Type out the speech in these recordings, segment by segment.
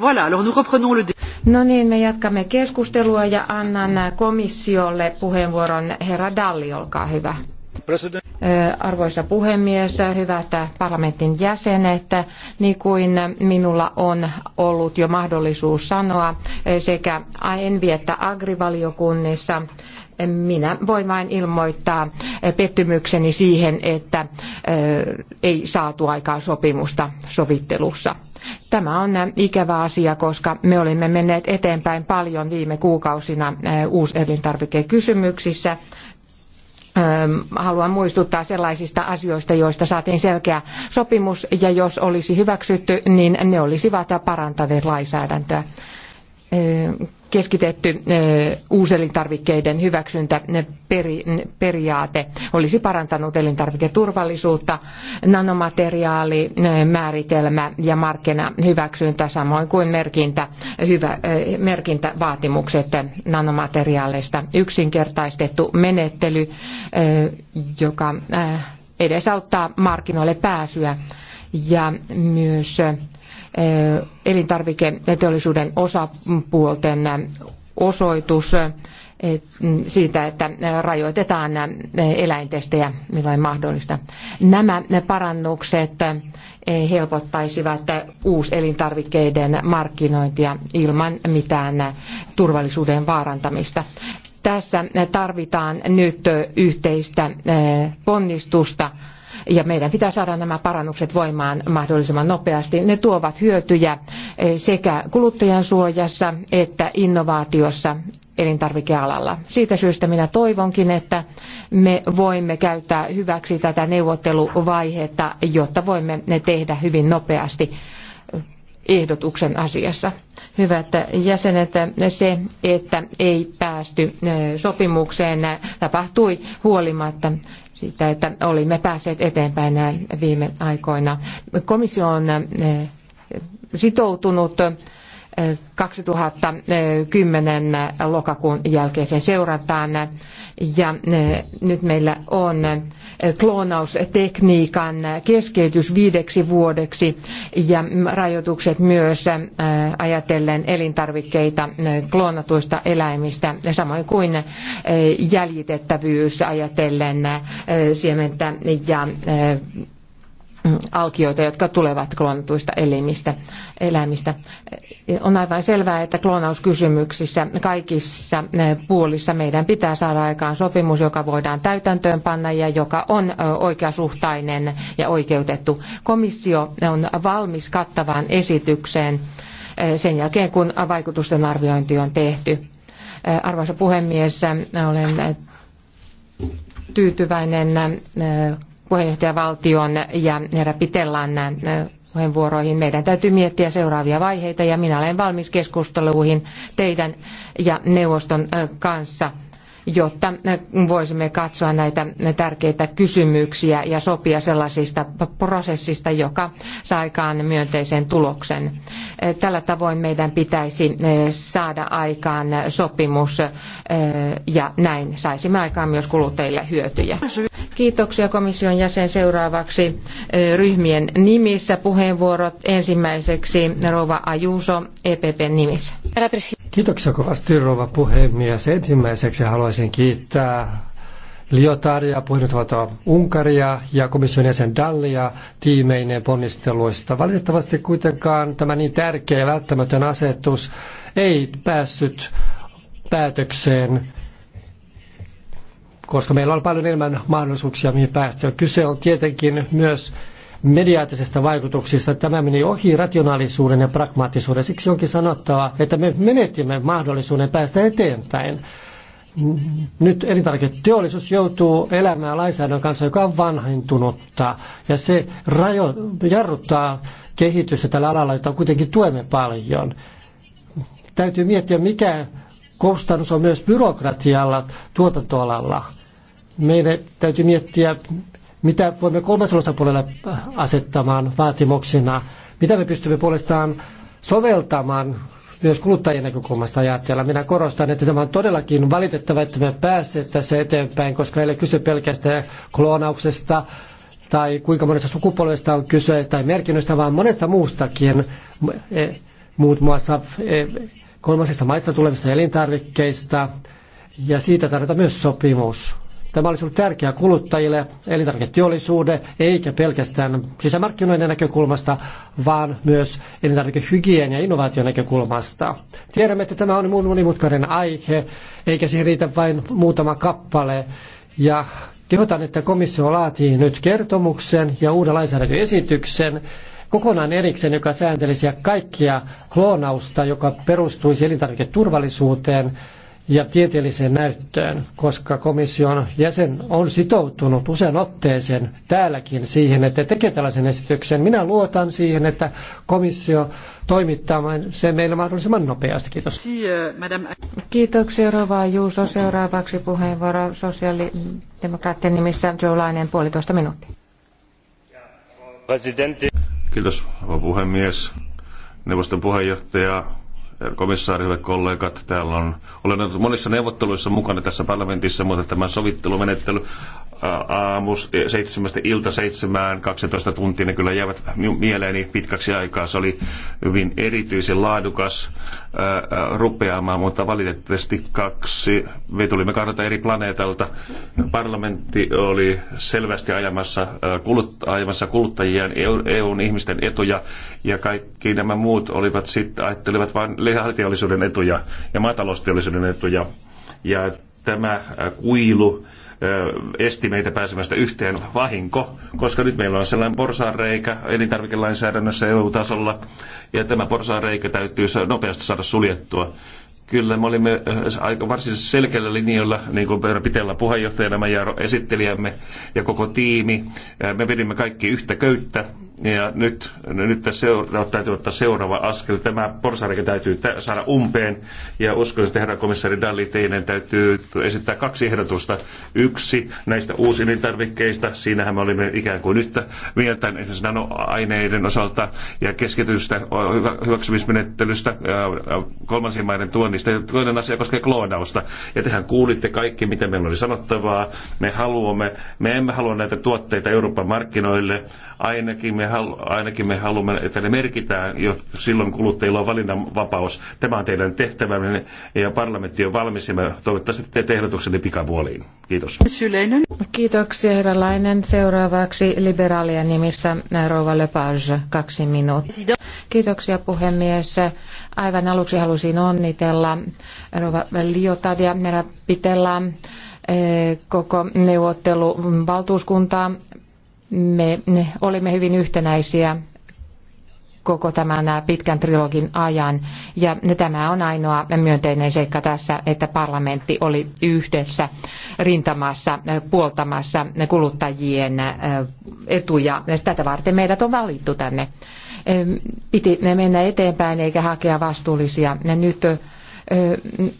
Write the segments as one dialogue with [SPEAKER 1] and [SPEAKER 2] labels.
[SPEAKER 1] Voilà, alors nous reprenons le No niin, me jatkamme keskustelua ja annan komissiolle puheenvuoron. Herra Dalli, olkaa hyvä. President. Arvoisa puhemies, hyvät parlamentin jäsenet, niin kuin minulla on ollut jo mahdollisuus sanoa sekä Envi- että Agrivaliokunnissa, minä voin vain ilmoittaa pettymykseni siihen, että ei saatu aikaan sopimusta sovittelussa. Tämä on ikävä asia, koska me olimme menneet eteenpäin paljon viime kuukausina uuselintarvikekysymyksissä. Haluan muistuttaa sellaisista asioista, joista saatiin selkeä sopimus, ja jos olisi hyväksytty, niin ne olisivat parantaneet lainsäädäntöä keskitetty uuselintarvikkeiden hyväksyntäperiaate olisi parantanut elintarviketurvallisuutta, nanomateriaali, määritelmä ja markkinahyväksyntä, samoin kuin merkintä, hyvä, merkintävaatimukset nanomateriaaleista. Yksinkertaistettu menettely, joka edesauttaa markkinoille pääsyä ja myös Eh, teollisuuden osapuolten eh, osoitus eh, siitä, että rajoitetaan eläintestejä milloin mahdollista. Nämä parannukset helpottaisivat uuselintarvikkeiden markkinointia ilman mitään turvallisuuden vaarantamista. Tässä tarvitaan nyt yhteistä ponnistusta ja meidän pitää saada nämä parannukset voimaan mahdollisimman nopeasti. Ne tuovat hyötyjä eh, sekä kuluttajan suojassa että innovaatiossa elintarvikealalla. Siitä syystä minä toivonkin, että me voimme käyttää hyväksi tätä neuvotteluvaihetta, jotta voimme ne tehdä hyvin nopeasti eh, ehdotuksen asiassa. Hyvät jäsenet, se, että ei päästy eh, sopimukseen, tapahtui huolimatta siitä, että olimme päässeet eteenpäin viime aikoina. Komissio on eh, sitoutunut 2010 lokakuun jälkeiseen seurantaan. Ja eh, nyt meillä on eh, kloonaustekniikan keskeytys viideksi vuodeksi ja rajoitukset myös eh, ajatellen elintarvikkeita kloonatuista eläimistä, samoin kuin jäljitettävyys ajatellen siementä ja alkioita, jotka tulevat kloonatuista elimistä, eläimistä. On aivan selvää, että kloonauskysymyksissä kaikissa eh, puolissa meidän pitää saada aikaan sopimus, joka voidaan täytäntöön panna ja joka on eh, oikeasuhtainen ja oikeutettu. Komissio on valmis kattavaan esitykseen eh, sen jälkeen, kun vaikutusten arviointi on tehty. Arvoisa puhemies, olen tyytyväinen puheenjohtajavaltion ja herra Pitellan äh, puheenvuoroihin. Meidän täytyy miettiä seuraavia vaiheita ja minä olen valmis keskusteluihin teidän ja neuvoston äh, kanssa jotta voisimme katsoa näitä tärkeitä kysymyksiä ja sopia sellaisista prosessista, joka saa aikaan myönteisen tuloksen. Tällä tavoin meidän pitäisi eh, saada aikaan sopimus eh, ja näin saisimme aikaan myös kuluttajille hyötyjä. Kiitoksia komission jäsen seuraavaksi eh, ryhmien nimissä puheenvuorot ensimmäiseksi Rova Ajuso epp nimissä.
[SPEAKER 2] Kiitoksia kovasti, rouva puhemies. Ensimmäiseksi haluaisin kiittää Liotaria, puheenjohtavalta Unkaria ja komission jäsen Dallia tiimeineen ponnisteluista. Valitettavasti kuitenkaan tämä niin tärkeä ja välttämätön asetus ei päässyt päätökseen, koska meillä on paljon enemmän mahdollisuuksia, mihin päästä. Kyse on tietenkin myös mediaattisista vaikutuksista. Tämä meni ohi rationaalisuuden ja pragmaattisuuden. Siksi onkin sanottava, että me menetimme mahdollisuuden päästä eteenpäin. Nyt elintarviketeollisuus joutuu elämään lainsäädännön kanssa, joka on vanhentunutta, ja se rajo, jarruttaa kehitystä tällä alalla, jota kuitenkin tuemme paljon. Täytyy miettiä, mikä kustannus on myös byrokratialla tuotantoalalla. Meidän täytyy miettiä mitä voimme kolmasen osapuolelle äh, asettamaan vaatimuksina, mitä me pystymme puolestaan soveltamaan myös kuluttajien näkökulmasta ajatella. Minä korostan, että tämä on todellakin valitettava, että me pääsemme tässä eteenpäin, koska ei ole kyse pelkästään kloonauksesta tai kuinka monesta sukupolvesta on kyse tai merkinnöistä, vaan monesta muustakin, e, muut muassa e, kolmasista maista tulevista elintarvikkeista, ja siitä tarvitaan myös sopimus. Tämä olisi ollut tärkeää kuluttajille, elintarviketeollisuudelle, eikä pelkästään sisämarkkinoiden näkökulmasta, vaan myös elintarvikehygienian ja innovaation näkökulmasta. Tiedämme, että tämä on monimutkainen aihe, eikä siihen riitä vain muutama kappale. Ja kehotan, että komissio laatii nyt kertomuksen ja uuden lainsäädäntöesityksen, kokonaan erikseen, joka sääntelisi kaikkia kloonausta, joka perustuisi elintarviketurvallisuuteen ja tieteelliseen näyttöön, koska komission jäsen on sitoutunut usean otteeseen täälläkin siihen, että tekee tällaisen esityksen. Minä luotan siihen, että komissio toimittaa sen meille mahdollisimman nopeasti. Kiitos. Kiitoksia
[SPEAKER 1] Rova Juuso. Seuraavaksi puheenvuoro sosiaalidemokraattien nimissä Joulainen puolitoista minuuttia.
[SPEAKER 3] Kiitos, puhemies. Neuvoston puheenjohtaja komissaari, hyvät kollegat, täällä on, olen ollut monissa neuvotteluissa mukana tässä parlamentissa, mutta tämä sovittelumenettely aamu seitsemästä ilta seitsemään, 12 tuntia, ne kyllä jäävät mieleeni pitkäksi aikaa. Se oli hyvin erityisen laadukas rupeamaan, mutta valitettavasti kaksi, me tulimme kahdelta eri planeetalta. Parlamentti oli selvästi ajamassa, ajamassa kuluttajien, EUn e ihmisten etuja, ja kaikki nämä muut olivat sitten, ajattelivat vain le- lihateollisuuden etuja ja maatalousteollisuuden etuja. Ja tämä äh, kuilu äh, esti meitä pääsemästä yhteen vahinko, koska nyt meillä on sellainen porsaanreikä elintarvikelainsäädännössä EU-tasolla, ja tämä porsaanreikä täytyy nopeasti saada suljettua. Kyllä, me olimme äh, aika varsin selkeällä linjoilla, niin kuin Pitellä puheenjohtajana ja esittelijämme ja koko tiimi. Äh, me pidimme kaikki yhtä köyttä ja nyt, nyt seura- täytyy ottaa seuraava askel. Tämä porsareikä täytyy saada umpeen ja uskon, että herra komissari Dalli, Teinen täytyy esittää kaksi ehdotusta. Yksi näistä tarvikkeista, siinähän me olimme ikään kuin nyt mieltä esimerkiksi nanoaineiden osalta ja keskitystä hyväksymismenettelystä äh, kolmansien maiden tuon kloonista. toinen asia koskee kloonausta. Ja tehän kuulitte kaikki, mitä meillä oli sanottavaa. Me haluamme, me emme halua näitä tuotteita Euroopan markkinoille. Ainakin me, halu, ainakin me haluamme, että ne merkitään jo silloin kuluttajilla on valinnanvapaus. Tämä on teidän tehtävänne ja parlamentti on valmis ja me toivottavasti teette ehdotuksenne pikapuoliin. Kiitos.
[SPEAKER 1] Kiitoksia herra Lainen. Seuraavaksi liberaalien nimissä rouva Lepage, kaksi minuuttia. Kiitoksia puhemies. Aivan aluksi halusin onnitella tavalla Rova Liotadia, Nera Pitellä, eh, koko neuvotteluvaltuuskuntaa. Me olimme hyvin yhtenäisiä koko tämän pitkän trilogin ajan. Ja tämä on ainoa myönteinen seikka tässä, että parlamentti oli yhdessä rintamassa puoltamassa kuluttajien eh, etuja. Tätä varten meidät on valittu tänne. Eh, piti mennä eteenpäin eikä hakea vastuullisia. Nyt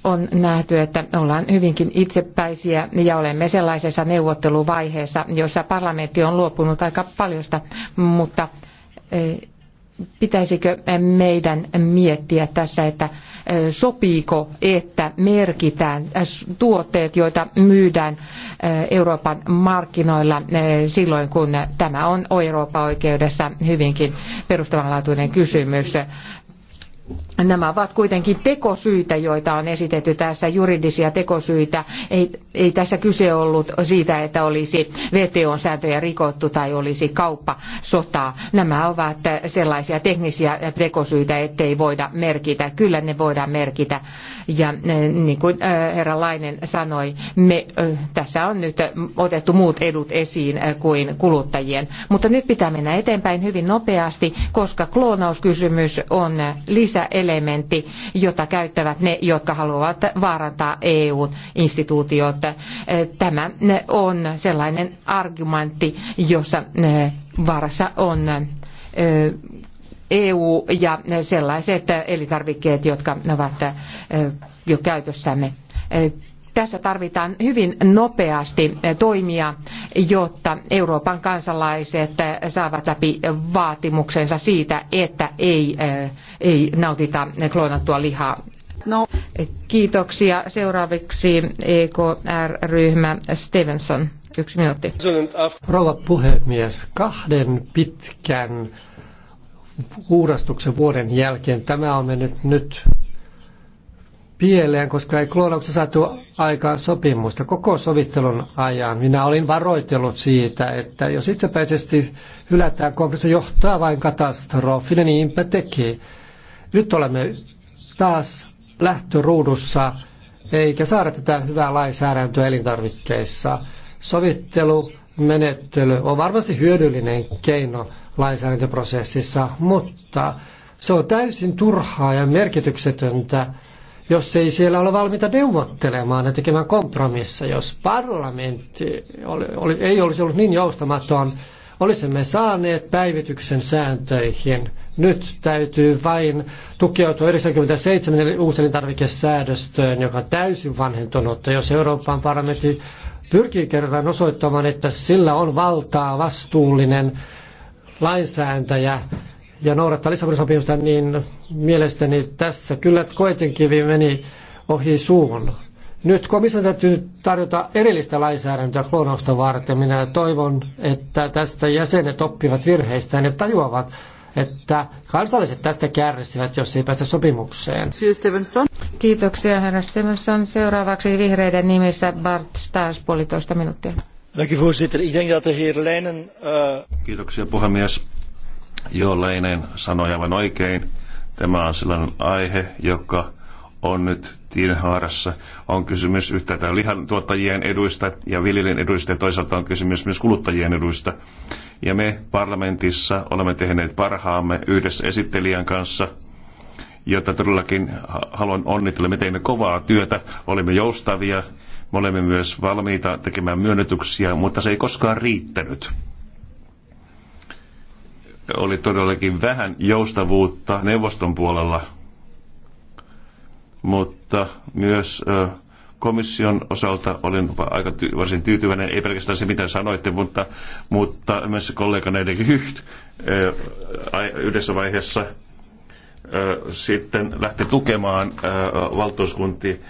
[SPEAKER 1] on nähty, että ollaan hyvinkin itsepäisiä ja olemme sellaisessa neuvotteluvaiheessa, jossa parlamentti on luopunut aika paljosta, mutta pitäisikö meidän miettiä tässä, että sopiiko, että merkitään tuotteet, joita myydään Euroopan markkinoilla silloin, kun tämä on Euroopan oikeudessa hyvinkin perustavanlaatuinen kysymys. Nämä ovat kuitenkin tekosyitä, joita on esitetty tässä, juridisia tekosyitä. Ei, ei tässä kyse ollut siitä, että olisi VTO-sääntöjä rikottu tai olisi sotaa. Nämä ovat sellaisia teknisiä tekosyitä, ettei voida merkitä. Kyllä ne voidaan merkitä. Ja eh, niin kuin eh, herra Lainen sanoi, me, eh, tässä on nyt otettu muut edut esiin kuin kuluttajien. Mutta nyt pitää mennä eteenpäin hyvin nopeasti, koska kloonauskysymys on lisä elementti, jota käyttävät ne, jotka haluavat vaarantaa EU-instituutiot. Tämä on sellainen argumentti, jossa vaarassa on EU ja sellaiset elintarvikkeet, jotka ovat jo käytössämme. Tässä tarvitaan hyvin nopeasti toimia, jotta Euroopan kansalaiset saavat läpi vaatimuksensa siitä, että ei, eh, ei nautita kloonattua lihaa. No. Kiitoksia. Seuraavaksi EKR-ryhmä Stevenson. Yksi minuutti.
[SPEAKER 2] Rouva puhemies, kahden pitkän uurastuksen vuoden jälkeen tämä on mennyt nyt pieleen, koska ei kloonauksessa saatu aikaan sopimusta koko sovittelun ajan. Minä olin varoitellut siitä, että jos itsepäisesti hylätään kompromissi, johtaa vain katastrofiin, ja niinpä teki. Nyt olemme taas lähtöruudussa, eikä saada tätä hyvää lainsäädäntöä elintarvikkeissa. Sovittelumenettely on varmasti hyödyllinen keino lainsäädäntöprosessissa, mutta se on täysin turhaa ja merkityksetöntä, jos ei siellä ole valmiita neuvottelemaan ja tekemään kompromissa. Jos parlamentti oli, oli, ei olisi ollut niin joustamaton, olisimme saaneet päivityksen sääntöihin. Nyt täytyy vain tukeutua 97 uuselintarvikesäädöstöön, joka on täysin ja Jos Euroopan parlamentti pyrkii kerran osoittamaan, että sillä on valtaa vastuullinen lainsääntäjä, ja noudattaa Lissabonin sopimusta, niin mielestäni tässä kyllä koetinkivi meni ohi suun. Nyt komissio täytyy tarjota erillistä lainsäädäntöä kloonausta varten. Minä toivon, että tästä jäsenet oppivat virheistään ja tajuavat, että kansalliset tästä kärsivät, jos ei päästä sopimukseen. Stevenson.
[SPEAKER 1] Kiitoksia, herra Stevenson. Seuraavaksi vihreiden nimissä Bart Stas, puolitoista minuuttia.
[SPEAKER 3] Eh, Kiitoksia, puhemies Joo, Leinen sanoi aivan oikein. Tämä on sellainen aihe, joka on nyt tienhaarassa. On kysymys yhtäältä lihan tuottajien eduista ja viljelijän eduista ja toisaalta on kysymys myös kuluttajien eduista. Ja me parlamentissa olemme tehneet parhaamme yhdessä esittelijän kanssa jota todellakin haluan onnitella. Me teimme kovaa työtä, olimme joustavia, me olemme myös valmiita tekemään myönnytyksiä, mutta se ei koskaan riittänyt oli todellakin vähän joustavuutta neuvoston puolella, mutta myös komission osalta olin aika ty- varsin tyytyväinen, ei pelkästään se mitä sanoitte, mutta, mutta myös kollega Neiden Hyht yhdessä vaiheessa sitten lähti tukemaan valtuuskunti.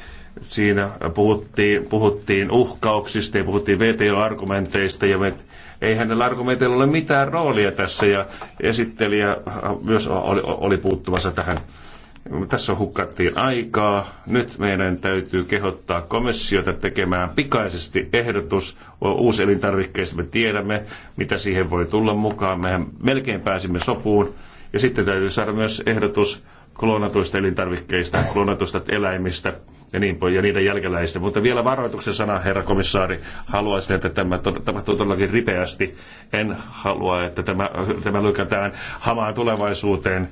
[SPEAKER 3] Siinä puhuttiin, puhuttiin uhkauksista ja puhuttiin VTO-argumenteista ja me ei hänellä argumenteilla ole mitään roolia tässä ja esittelijä myös oli, oli puuttumassa tähän. Tässä hukkattiin aikaa. Nyt meidän täytyy kehottaa komissiota tekemään pikaisesti ehdotus uuselintarvikkeista. Me tiedämme, mitä siihen voi tulla mukaan. Mehän melkein pääsimme sopuun. Ja sitten täytyy saada myös ehdotus kloonatuista elintarvikkeista, kloonatuista eläimistä ja, niin, ja niiden jälkeläisten. Mutta vielä varoituksen sana, herra komissaari. Haluaisin, että tämä tapahtuu todellakin ripeästi. En halua, että tämä, tämä lykätään hamaan tulevaisuuteen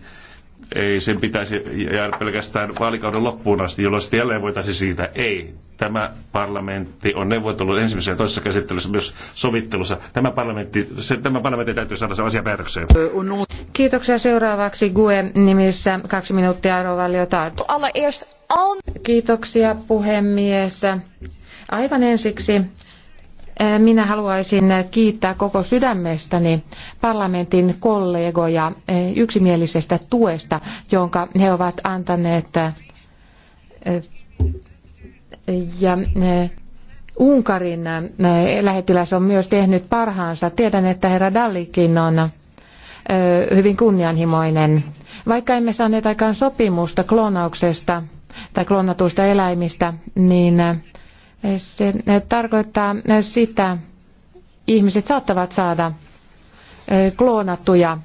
[SPEAKER 3] ei sen pitäisi jäädä pelkästään vaalikauden loppuun asti, jolloin sitten jälleen voitaisiin siitä, ei, tämä parlamentti on neuvotellut ensimmäisessä ja toisessa käsittelyssä myös sovittelussa. Tämä parlamentti, se, tämä parlamentti täytyy saada se asia päätökseen.
[SPEAKER 1] Kiitoksia seuraavaksi GUE nimissä kaksi minuuttia arvovaliota. Kiitoksia puhemies. Aivan ensiksi minä haluaisin kiittää koko sydämestäni parlamentin kollegoja yksimielisestä tuesta, jonka he ovat antaneet ja Unkarin lähettiläs on myös tehnyt parhaansa. Tiedän, että herra Dallikin on hyvin kunnianhimoinen. Vaikka emme saaneet aikaan sopimusta kloonauksesta tai kloonatuista eläimistä, niin se tarkoittaa sitä, ihmiset saattavat saada e, kloonattuja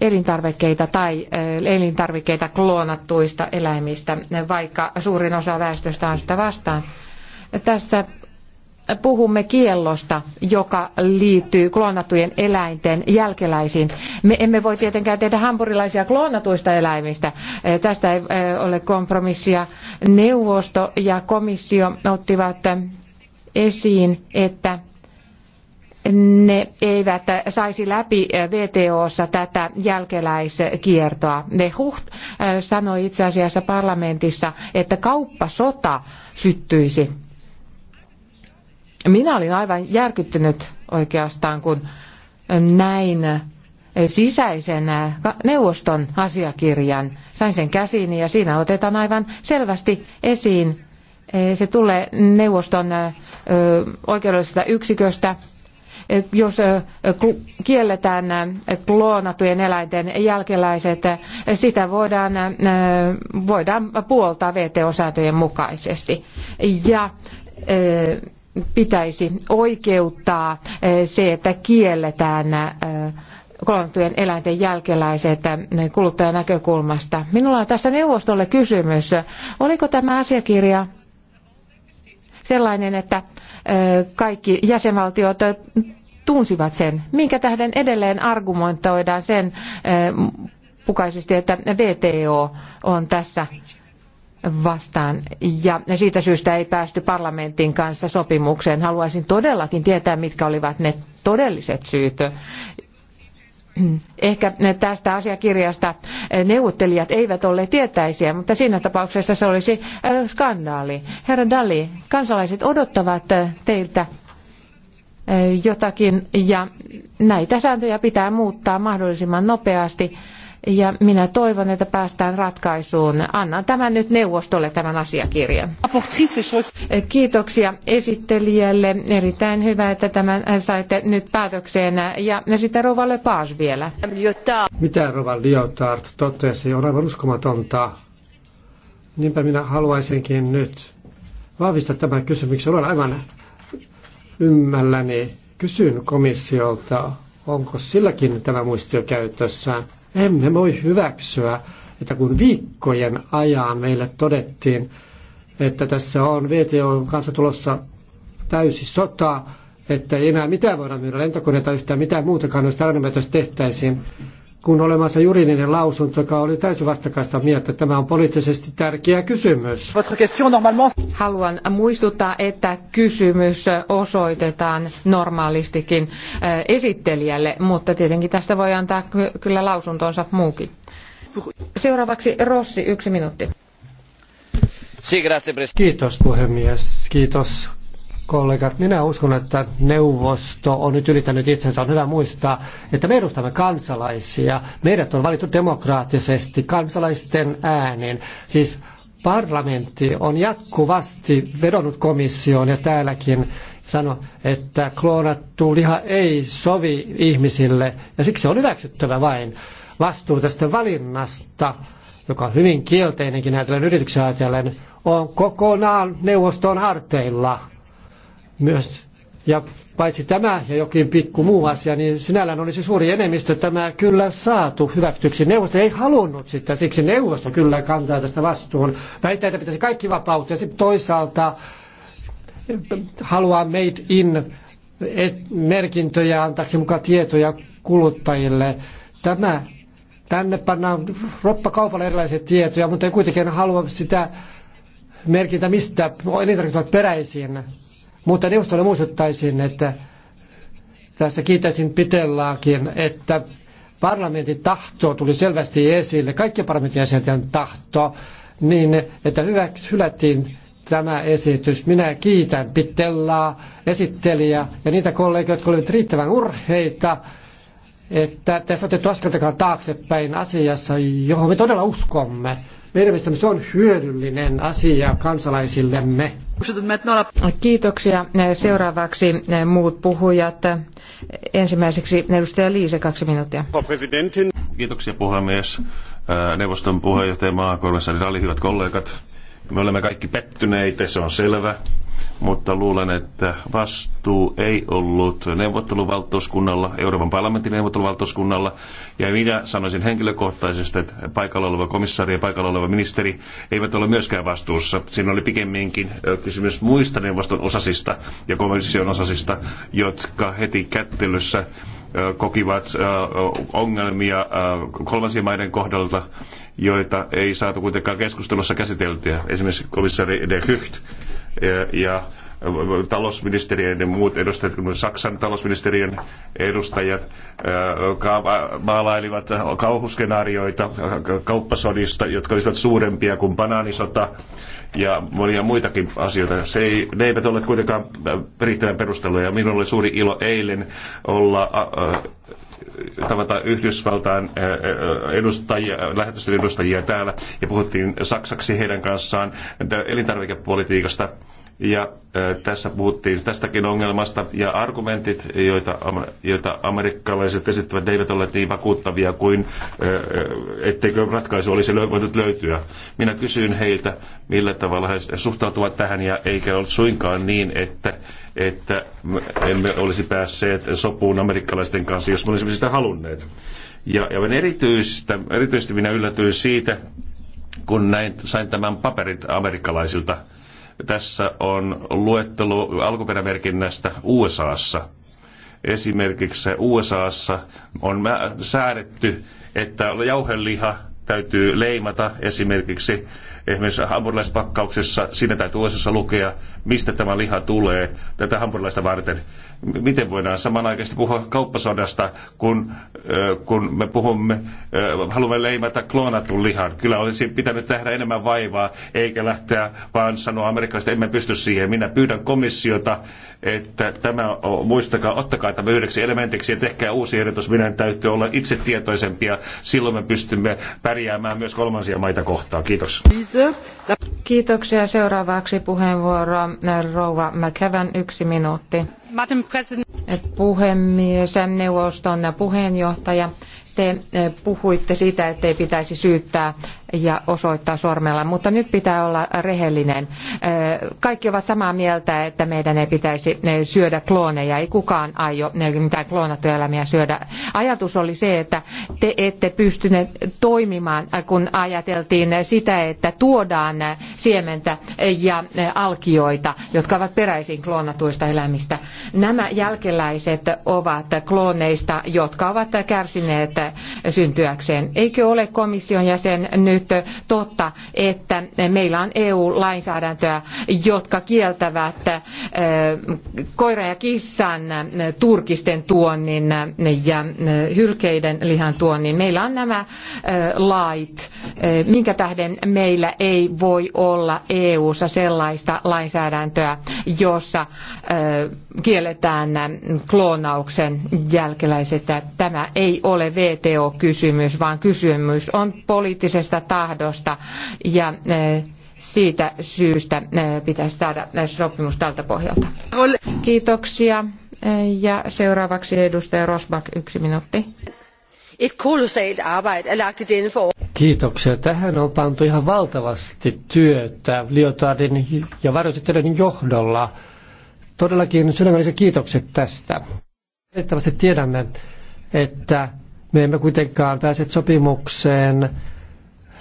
[SPEAKER 1] elintarvikkeita tai e, elintarvikkeita kloonattuista eläimistä, vaikka suurin osa väestöstä on sitä vastaan. Tässä puhumme kiellosta, joka liittyy kloonattujen eläinten jälkeläisiin. Me emme voi tietenkään tehdä hampurilaisia kloonatuista eläimistä. Eh, tästä ei eh, ole kompromissia. Neuvosto ja komissio ottivat eh, esiin, että ne eivät saisi läpi VTOssa tätä jälkeläiskiertoa. Ne Huht sanoi itse asiassa parlamentissa, että kauppasota syttyisi minä olin aivan järkyttynyt oikeastaan, kun näin sisäisen neuvoston asiakirjan. Sain sen käsiini ja siinä otetaan aivan selvästi esiin. Eh, se tulee neuvoston eh, oikeudellisesta yksiköstä, eh, jos kielletään kloonatujen eläinten jälkeläiset, sitä voidaan, voidaan puoltaa vto säätöjen mukaisesti. Ja pitäisi oikeuttaa eh, se, että kielletään eh, klonattujen eläinten jälkeläiset eh, kuluttajan näkökulmasta. Minulla on tässä neuvostolle kysymys. Oliko tämä asiakirja sellainen, että kaikki jäsenvaltiot tunsivat sen? Minkä tähden edelleen argumentoidaan sen pukaisesti, että VTO on tässä vastaan ja siitä syystä ei päästy parlamentin kanssa sopimukseen. Haluaisin todellakin tietää, mitkä olivat ne todelliset syyt. Ehkä tästä asiakirjasta neuvottelijat eivät ole tietäisiä, mutta siinä tapauksessa se olisi skandaali. Herra Dali, kansalaiset odottavat teiltä jotakin ja näitä sääntöjä pitää muuttaa mahdollisimman nopeasti ja minä toivon, että päästään ratkaisuun. Annan tämän nyt neuvostolle tämän asiakirjan. Kiitoksia esittelijälle. Erittäin hyvä, että tämän saitte nyt päätökseen. Ja sitten Rova Lepage vielä.
[SPEAKER 2] Mitä Rova Liotard totesi, on aivan uskomatonta. Niinpä minä haluaisinkin nyt vahvistaa tämän kysymyksen. Olen aivan ymmälläni. Kysyn komissiolta, onko silläkin tämä muistio käytössään emme voi hyväksyä, että kun viikkojen ajan meille todettiin, että tässä on VTO kanssa tulossa täysi sota, että ei enää mitään voida myydä lentokoneita yhtään, mitään muutakaan, jos tällainen tehtäisiin, kun olemassa juridinen lausunto, joka oli täysin vastakkaista mieltä. Tämä on poliittisesti tärkeä kysymys. Haluan
[SPEAKER 1] muistuttaa, että kysymys osoitetaan normaalistikin eh, esittelijälle, mutta tietenkin tästä voi antaa kyllä lausuntonsa muukin. Seuraavaksi Rossi, yksi minuutti.
[SPEAKER 2] Kiitos puhemies. Kiitos kollegat, minä uskon, että neuvosto on nyt ylittänyt itsensä. On hyvä muistaa, että me edustamme kansalaisia. Meidät on valittu demokraattisesti kansalaisten äänin. Siis parlamentti on jatkuvasti vedonnut komissioon ja täälläkin sanoi, että kloonattu liha ei sovi ihmisille ja siksi on hyväksyttävä vain vastuu tästä valinnasta, joka on hyvin kielteinenkin ajatellen yrityksen ajatellen, on kokonaan neuvoston harteilla myös ja paitsi tämä ja jokin pikku muu asia, niin sinällään olisi suuri enemmistö tämä kyllä saatu hyväksytyksi. Neuvosto ei halunnut sitä, siksi neuvosto kyllä kantaa tästä vastuun. Väittää, että pitäisi kaikki vapauttaa ja sitten toisaalta haluaa made in merkintöjä antaksi mukaan tietoja kuluttajille. Tämä, tänne pannaan roppakaupalle erilaisia tietoja, mutta ei kuitenkaan halua sitä merkintä, mistä elintarvikkeet ovat peräisin mutta neuvostolle muistuttaisin, että tässä kiitäisin Pitellaakin, että parlamentin tahto tuli selvästi esille, kaikkien parlamentin jäsenten tahto, niin että hylättiin tämä esitys. Minä kiitän Pitellaa, esittelijä ja niitä kollegoja, jotka olivat riittävän urheita, että tässä on otettu askeltakaan taaksepäin asiassa, johon me todella uskomme. Meidän mielestämme se on hyödyllinen asia kansalaisillemme.
[SPEAKER 1] Kiitoksia. Seuraavaksi eh, muut puhujat. Ensimmäiseksi edustaja Liise, kaksi minuuttia.
[SPEAKER 3] Kiitoksia puhemies. Eh, neuvoston puheenjohtaja maakomissaari Rali, hyvät kollegat. Me olemme kaikki pettyneitä, se on selvä, mutta luulen, että vastuu ei ollut neuvotteluvaltuuskunnalla, Euroopan parlamentin neuvotteluvaltuuskunnalla. Ja minä sanoisin henkilökohtaisesti, että paikalla oleva komissaari ja paikalla oleva ministeri eivät ole myöskään vastuussa. Siinä oli pikemminkin kysymys muista neuvoston osasista ja komission osasista, jotka heti kättelyssä kokivat ongelmia kolmansien maiden kohdalta, joita ei saatu kuitenkaan keskustelussa käsiteltyä. Esimerkiksi komissaari de Hycht ja talousministeriön ja muut edustajat, kun Saksan talousministeriön edustajat, äh, maalailivat kauhuskenaarioita kauppasodista, jotka olisivat suurempia kuin banaanisota ja monia muitakin asioita. Se ei, ne eivät ole kuitenkaan äh, riittävän perusteluja. Minulla oli suuri ilo eilen olla äh, tavata Yhdysvaltain edustajia, lähetysten edustajia täällä ja puhuttiin saksaksi heidän kanssaan elintarvikepolitiikasta. Ja tässä puhuttiin tästäkin ongelmasta ja argumentit, joita, joita amerikkalaiset esittävät, eivät ole niin vakuuttavia kuin etteikö ratkaisu olisi voinut löytyä. Minä kysyin heiltä, millä tavalla he suhtautuvat tähän ja eikä ole suinkaan niin, että, että emme olisi päässeet sopuun amerikkalaisten kanssa, jos me olisimme sitä halunneet. Ja, ja erityistä, erityisesti minä yllätyin siitä, kun näin, sain tämän paperit amerikkalaisilta tässä on luettelo alkuperämerkinnästä USAssa. Esimerkiksi USAssa on säädetty, että jauheliha täytyy leimata esimerkiksi, esimerkiksi hampurilaispakkauksessa, siinä täytyy osassa lukea, mistä tämä liha tulee tätä hampurilaista varten miten voidaan samanaikaisesti puhua kauppasodasta, kun, kun me puhumme, haluamme leimata kloonatun lihan. Kyllä olisi pitänyt tehdä enemmän vaivaa, eikä lähteä vaan sanoa amerikkalaiset, emme pysty siihen. Minä pyydän komissiota, että tämä muistakaa, ottakaa tämä yhdeksi elementiksi ja tehkää uusi ehdotus. Minä täytyy olla itse tietoisempia. Silloin me pystymme pärjäämään myös kolmansia maita kohtaan. Kiitos.
[SPEAKER 1] Kiitoksia. Seuraavaksi puheenvuoro rouva McKevän yksi minuutti. Puhemies, neuvoston puheenjohtaja, te eh, puhuitte siitä, ettei pitäisi syyttää ja osoittaa sormella, mutta nyt pitää olla rehellinen. Kaikki ovat samaa mieltä, että meidän ei pitäisi syödä klooneja, ei kukaan aio mitään kloonattuja eläimiä syödä. Ajatus oli se, että te ette pystyneet toimimaan, kun ajateltiin sitä, että tuodaan siementä ja alkioita, jotka ovat peräisin kloonatuista eläimistä. Nämä jälkeläiset ovat klooneista, jotka ovat kärsineet syntyäkseen. Eikö ole komission jäsen nyt nyt totta, että meillä on EU-lainsäädäntöä, jotka kieltävät eh, koiran ja kissan turkisten tuonnin ja eh, hylkeiden lihan tuonnin. Meillä on nämä eh, lait, minkä tähden meillä ei voi olla EU-ssa sellaista lainsäädäntöä, jossa kielletään kloonauksen jälkeläiset. Tämä ei ole VTO-kysymys, vaan kysymys on poliittisesta tahdosta ja e, siitä syystä e, pitäisi saada sopimus
[SPEAKER 2] tältä pohjalta.
[SPEAKER 1] Kiitoksia. E, ja seuraavaksi edustaja Rosbach,
[SPEAKER 2] yksi minuutti. Et er Kiitoksia. Tähän on pantu ihan valtavasti työtä Liotardin ja varjoisettelijoiden johdolla. Todellakin sydämelliset kiitokset tästä. Valitettavasti tiedämme, että me emme kuitenkaan pääse sopimukseen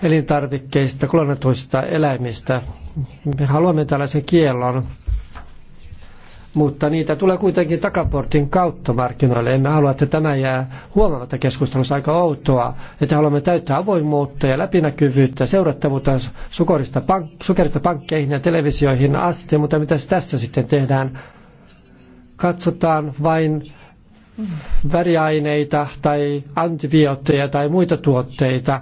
[SPEAKER 2] elintarvikkeista, klonatuista eläimistä. Me haluamme tällaisen kiellon, mutta niitä tulee kuitenkin takaportin kautta markkinoille. Emme halua, että tämä jää huomaamatta keskustelussa aika outoa, että haluamme täyttää avoimuutta ja läpinäkyvyyttä, seurattavuutta sukerista, pank- sukerista pankkeihin ja televisioihin asti, mutta mitä tässä sitten tehdään? Katsotaan vain väriaineita tai antibiootteja tai muita tuotteita,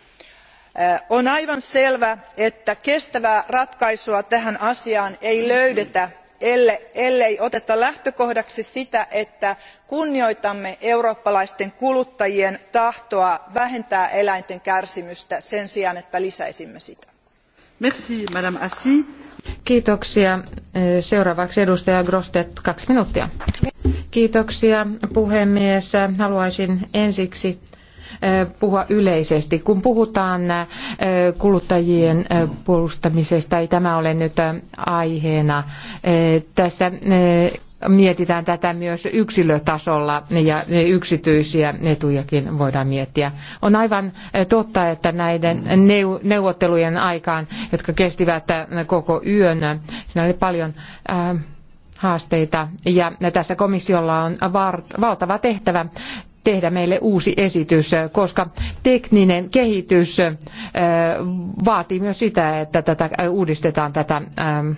[SPEAKER 4] on aivan selvää että kestävää ratkaisua tähän asiaan ei löydetä ellei oteta lähtökohdaksi sitä että kunnioitamme eurooppalaisten kuluttajien tahtoa vähentää eläinten kärsimystä sen sijaan että lisäisimme sitä.
[SPEAKER 1] Kiitoksia. kaksi minuuttia. Kiitoksia puhemies. Haluaisin ensiksi puhua yleisesti. Kun puhutaan kuluttajien puolustamisesta, ei tämä ole nyt aiheena. Tässä mietitään tätä myös yksilötasolla ja yksityisiä etujakin voidaan miettiä. On aivan totta, että näiden neuvottelujen aikaan, jotka kestivät koko yön, siinä oli paljon haasteita ja tässä komissiolla on valtava tehtävä tehdä meille uusi esitys, koska tekninen kehitys äh, vaatii myös sitä, että tätä, uudistetaan tätä ähm,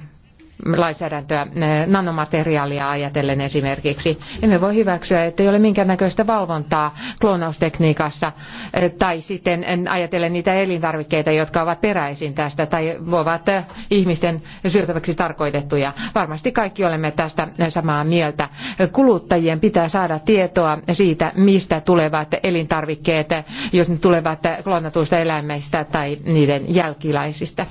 [SPEAKER 1] lainsäädäntöä eh, nanomateriaalia ajatellen esimerkiksi. Emme voi hyväksyä, että ei ole minkäännäköistä valvontaa kloonaustekniikassa eh, tai sitten ajatellen niitä elintarvikkeita, jotka ovat peräisin tästä tai ovat eh, ihmisten syötäväksi tarkoitettuja. Varmasti kaikki olemme tästä samaa mieltä. Kuluttajien pitää saada tietoa siitä, mistä tulevat elintarvikkeet, jos ne tulevat kloonatuista eläimistä tai niiden jälkiläisistä.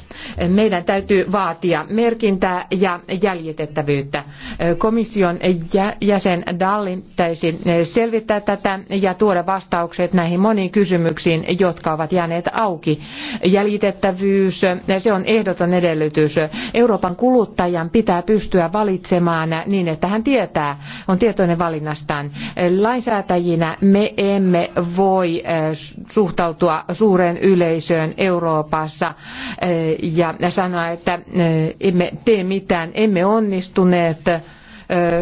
[SPEAKER 1] Meidän täytyy vaatia merkintää ja jäljitettävyyttä. Komission jäsen Dallin täisi selvittää tätä ja tuoda vastaukset näihin moniin kysymyksiin, jotka ovat jääneet auki. Jäljitettävyys, se on ehdoton edellytys. Euroopan kuluttajan pitää pystyä valitsemaan niin, että hän tietää, on tietoinen valinnastaan. Lainsäätäjinä me emme voi eh, suhtautua suureen yleisöön Euroopassa eh, ja sanoa, että eh, emme tee mitään mitään emme onnistuneet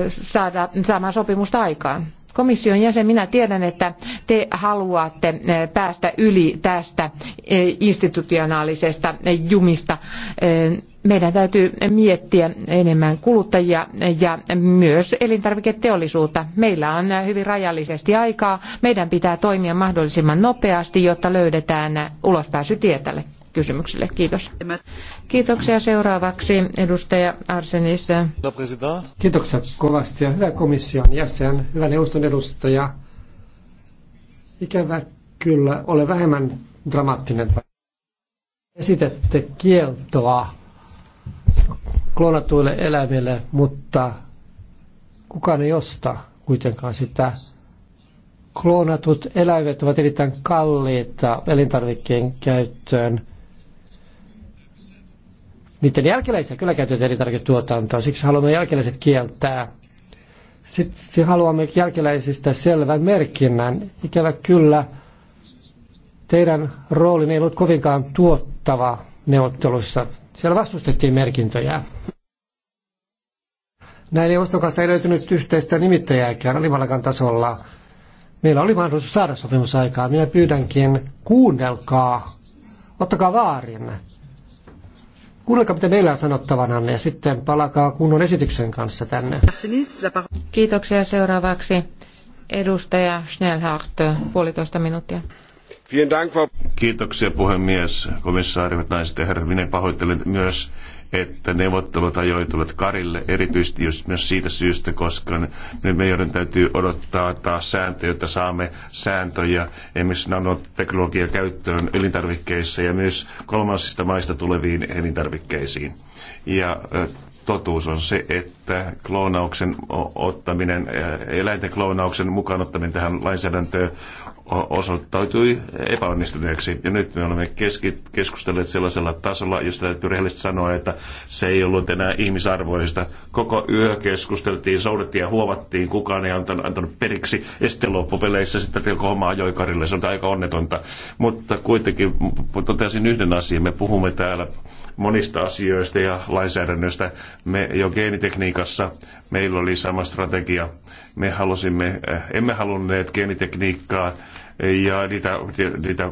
[SPEAKER 1] saada, saamaan sopimusta aikaan. Komission jäsen, minä tiedän, että te haluatte päästä yli tästä institutionaalisesta jumista. Meidän täytyy miettiä enemmän kuluttajia ja myös elintarviketeollisuutta. Meillä on hyvin rajallisesti aikaa. Meidän pitää toimia mahdollisimman nopeasti, jotta löydetään ulospääsy tietälle kysymyksille. Kiitos. Kiitoksia seuraavaksi edustaja Arsenis.
[SPEAKER 2] Kiitoksia kovasti ja hyvä komission jäsen, hyvä neuvoston edustaja. Ikävä kyllä, ole vähemmän dramaattinen. Esitette kieltoa kloonatuille eläimille, mutta kukaan ei osta kuitenkaan sitä. Kloonatut eläimet ovat erittäin kalliita elintarvikkeen käyttöön niiden jälkeläisiä kyllä käytetään elintarviketuotantoon, siksi haluamme jälkeläiset kieltää. Sitten haluamme jälkeläisistä selvän merkinnän. Ikävä kyllä, teidän rooli ei ollut kovinkaan tuottava neuvottelussa. Siellä vastustettiin merkintöjä. Näin neuvoston kanssa ei löytynyt yhteistä nimittäjääkään alimallakaan tasolla. Meillä oli mahdollisuus saada sopimusaikaa. Minä pyydänkin, kuunnelkaa, ottakaa vaarin Kuunnelkaa, mitä meillä on sanottavananne ja sitten palakaa kunnon esityksen
[SPEAKER 3] kanssa tänne.
[SPEAKER 1] Kiitoksia seuraavaksi. Edustaja Schnellhardt, puolitoista minuuttia.
[SPEAKER 3] Kiitoksia puhemies, komissaari, naiset ja herrat. Minä pahoittelen myös että neuvottelut ajoituvat Karille, erityisesti jos, myös siitä syystä, koska nyt meidän täytyy odottaa taas sääntöjä, jotta saamme sääntöjä esimerkiksi nanoteknologia käyttöön elintarvikkeissa ja myös kolmansista maista tuleviin elintarvikkeisiin. Ja totuus on se, että kloonauksen ottaminen, eläinten kloonauksen mukaan ottaminen tähän lainsäädäntöön osoittautui epäonnistuneeksi. Ja nyt me olemme keskustelleet sellaisella tasolla, josta täytyy rehellisesti sanoa, että se ei ollut enää ihmisarvoista. Koko yö keskusteltiin, soudettiin ja huovattiin, kukaan ei antanut, antanut periksi. Ja sitten loppupeleissä sitten koko homma ajoi karille, se on aika onnetonta. Mutta kuitenkin totesin yhden asian, me puhumme täällä monista asioista ja lainsäädännöstä. Me jo geenitekniikassa meillä oli sama strategia. Me halusimme, eh, emme halunneet geenitekniikkaa ja niitä, niitä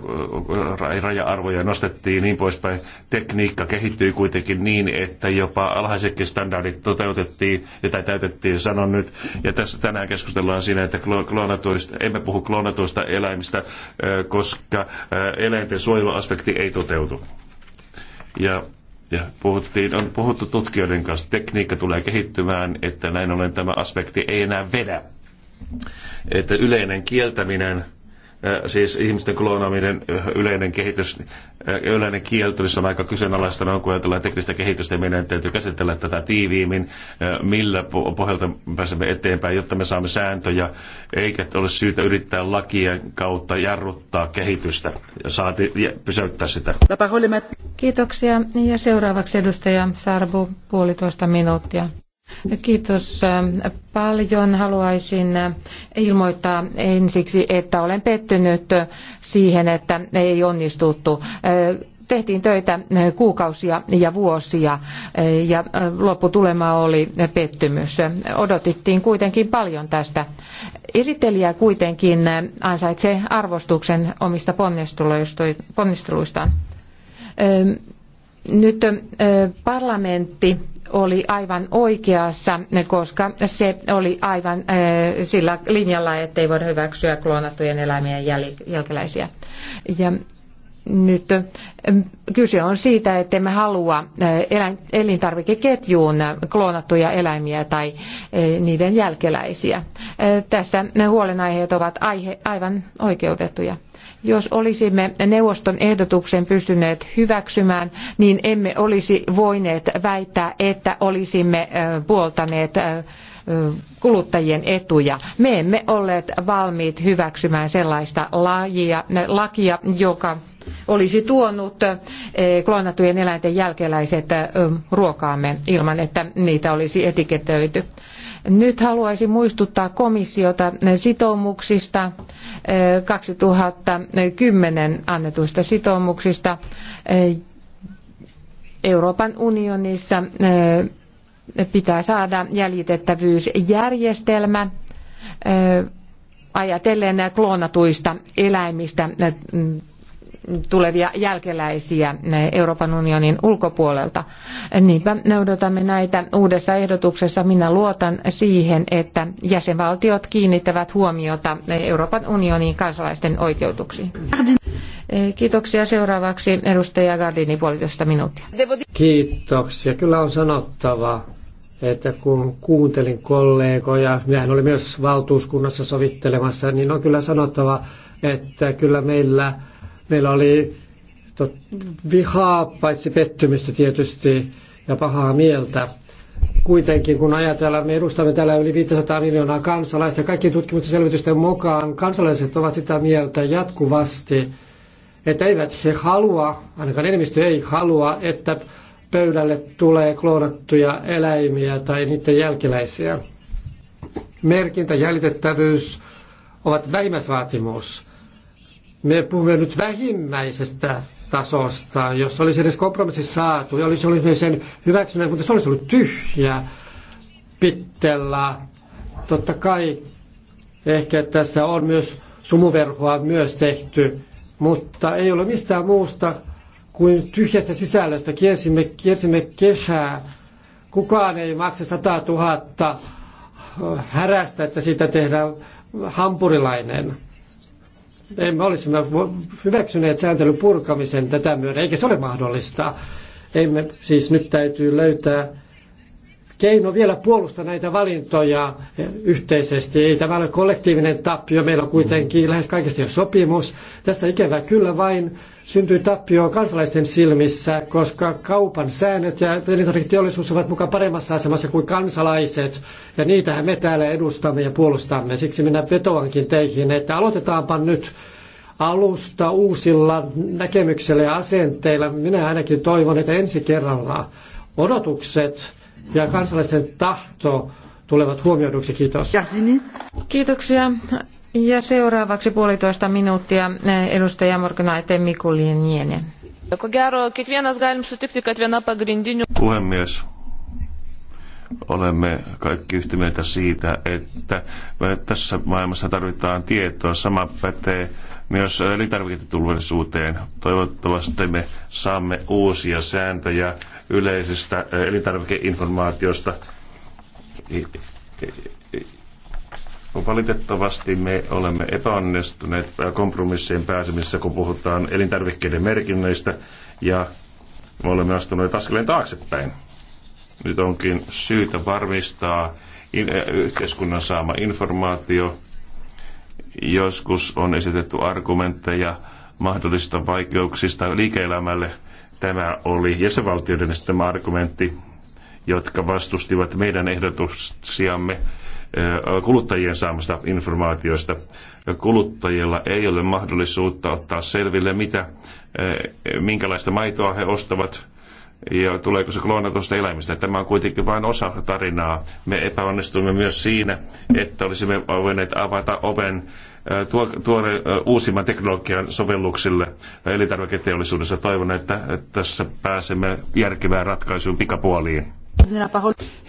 [SPEAKER 3] eh, raja-arvoja nostettiin niin poispäin. Tekniikka kehittyi kuitenkin niin, että jopa alhaisetkin standardit toteutettiin ja tai täytettiin, sanon nyt. Ja tässä tänään keskustellaan siinä, että kloonatuista, emme puhu kloonatuista eläimistä, eh, koska eläinten suojeluaspekti ei toteutu. Ja ja puhuttiin, on puhuttu tutkijoiden kanssa, tekniikka tulee kehittymään, että näin ollen tämä aspekti ei enää vedä. Että yleinen kieltäminen siis ihmisten kloonaaminen yleinen kehitys, yleinen kielto, niin se on aika kyseenalaista, no, kun ajatellaan teknistä kehitystä, ja niin meidän täytyy käsitellä tätä tiiviimmin, millä pohjalta pääsemme eteenpäin, jotta me saamme sääntöjä, eikä ole syytä yrittää lakien kautta jarruttaa kehitystä ja saati pysäyttää sitä.
[SPEAKER 1] Kiitoksia, ja seuraavaksi edustaja Sarbu, puolitoista minuuttia. Kiitos äh, paljon. Haluaisin äh, ilmoittaa ensiksi, että olen pettynyt äh, siihen, että ei onnistuttu. Tehtiin töitä kuukausia ja vuosia ja lopputulema oli pettymys. Odotettiin kuitenkin paljon tästä. Esittelijä kuitenkin ansaitsee arvostuksen omista ponnisteluistaan. Nyt parlamentti oli aivan oikeassa, koska se oli aivan eh, sillä linjalla, ettei voida hyväksyä kloonattujen eläimien jälkeläisiä. Ja nyt kyse on siitä, että me halua eh, elintarvikeketjuun kloonattuja eläimiä tai eh, niiden jälkeläisiä. Eh, tässä ne huolenaiheet ovat aihe, aivan oikeutettuja. Jos olisimme neuvoston ehdotuksen pystyneet hyväksymään, niin emme olisi voineet väittää, että olisimme puoltaneet kuluttajien etuja. Me emme olleet valmiit hyväksymään sellaista lajia, lakia, joka olisi tuonut eh, kloonattujen eläinten jälkeläiset eh, ruokaamme ilman, että niitä olisi etiketöity. Nyt haluaisin muistuttaa komissiota eh, sitoumuksista 2010 annetuista sitoumuksista Euroopan unionissa pitää saada jäljitettävyysjärjestelmä ajatellen kloonatuista eläimistä tulevia jälkeläisiä Euroopan unionin ulkopuolelta. Niinpä me odotamme näitä uudessa ehdotuksessa. Minä luotan siihen, että jäsenvaltiot kiinnittävät huomiota Euroopan unionin kansalaisten oikeutuksiin. Kiitoksia. Seuraavaksi edustaja Gardini puolitoista minuuttia.
[SPEAKER 2] Kiitoksia. Kyllä on sanottava, että kun kuuntelin kollegoja, minähän oli myös valtuuskunnassa sovittelemassa, niin on kyllä sanottava, että kyllä meillä – Meillä oli vihaa, paitsi pettymystä tietysti, ja pahaa mieltä. Kuitenkin kun ajatellaan, me edustamme täällä yli 500 miljoonaa kansalaista, kaikkien tutkimusten selvitysten mukaan kansalaiset ovat sitä mieltä jatkuvasti, että eivät he halua, ainakaan enemmistö ei halua, että pöydälle tulee kloonattuja eläimiä tai niiden jälkeläisiä. Merkintä, jäljitettävyys ovat vähimmäisvaatimus. Me puhumme nyt vähimmäisestä tasosta, jos olisi edes kompromissi saatu ja niin olisi ollut sen hyväksynyt, mutta se olisi ollut tyhjä pitellä. Totta kai ehkä tässä on myös sumuverhoa myös tehty, mutta ei ole mistään muusta kuin tyhjästä sisällöstä. Kiersimme, kiersimme kehää. Kukaan ei maksa 100 000 härästä, että siitä tehdään hampurilainen. Emme olisimme hyväksyneet sääntelyn purkamisen tätä myöden, eikä se ole mahdollista. Emme, siis nyt täytyy löytää keino vielä puolustaa näitä valintoja yhteisesti. Ei tämä ole kollektiivinen tappio, meillä on kuitenkin lähes kaikista jo sopimus. Tässä ikävä kyllä vain syntyi tappio kansalaisten silmissä, koska kaupan säännöt ja elintarviketeollisuus ovat mukaan paremmassa asemassa kuin kansalaiset. Ja niitähän me täällä edustamme ja puolustamme. Siksi minä vetoankin teihin, että aloitetaanpa nyt alusta uusilla näkemyksillä ja asenteilla. Minä ainakin toivon, että ensi kerralla odotukset ja kansalaisten tahto tulevat huomioiduksi. Kiitos. Kiitoksia. Ja seuraavaksi
[SPEAKER 1] puolitoista minuuttia eh, edustaja Morganaite Mikulieniene.
[SPEAKER 3] Puhemies, olemme kaikki yhtä mieltä siitä, että tässä maailmassa tarvitaan tietoa. Sama pätee myös elintarviketurvallisuuteen. Toivottavasti me saamme uusia sääntöjä yleisestä eh, elintarvikeinformaatiosta No, valitettavasti me olemme epäonnistuneet kompromissien pääsemisessä, kun puhutaan elintarvikkeiden merkinnöistä, ja me olemme astuneet askeleen taaksepäin. Nyt onkin syytä varmistaa yhteiskunnan saama informaatio. Joskus on esitetty argumentteja mahdollisista vaikeuksista liike-elämälle. Tämä oli jäsenvaltioiden tämä argumentti, jotka vastustivat meidän ehdotuksiamme kuluttajien saamasta informaatiosta. Kuluttajilla ei ole mahdollisuutta ottaa selville, mitä, minkälaista maitoa he ostavat ja tuleeko se kloonatusta eläimistä. Tämä on kuitenkin vain osa tarinaa. Me epäonnistumme myös siinä, että olisimme voineet avata oven tuore, uusimman teknologian sovelluksille elintarviketeollisuudessa. Toivon, että tässä pääsemme järkevään ratkaisuun pikapuoliin.